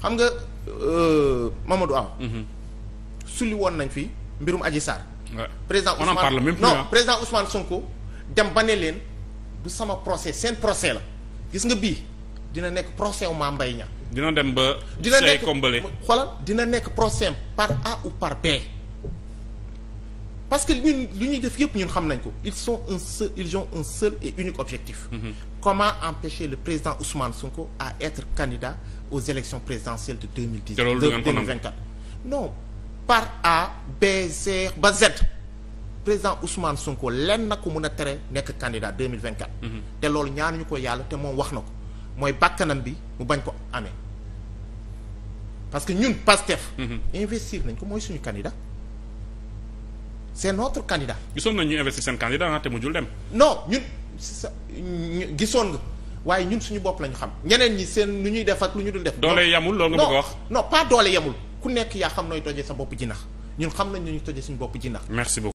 xam nga euh, Mamadou Awa. Mhm. sulli woon nañ fi mbirum Adji Sarr. président Ousmane on en parle même plus non président Ousmane Sonko dem ba ne leen du sama procès seen procès la gis nga bii dina nekk procès wu Mame Mbaye Niang dina dem ba. dina nekk say kombale xoolal dina nekk procès par A ou par B. parce que ñun lu ñuy def yëpp ñun xam nañ ko ils sont un seul un seul et unique objectif mm -hmm. comment empêcher le président Ousmane Sonko à être candidat aux élections présidentielles de 2010 de 2024 par A B ba Z président Ousmane Sonko lenn na ko mun a tere nekk candidat 2024 mm-hmm. te loolu ñaanuñu ko yàlla te moom wax na ko mooy bàkkanam bi mu bañ ko amee parce que ñun Pastef mm-hmm. investir nañ ko mooy suñu candidat c'est notre candidat. gisoon nañ ñu investir seen candidat ah te mujjul dem. non ñun sa gisoon nga waaye ñun suñu bopp lañu xam ñeneen ñi seen lu ñuy def ak lu ñu dul def. doolee yamul loolu nga bëgg a wax non pas doole yamul ku nekk yaa xam nooy tojee sa bopp jinax ñun xam nañ ne ñu tojee suñu bopp jinax. merci beaucoup.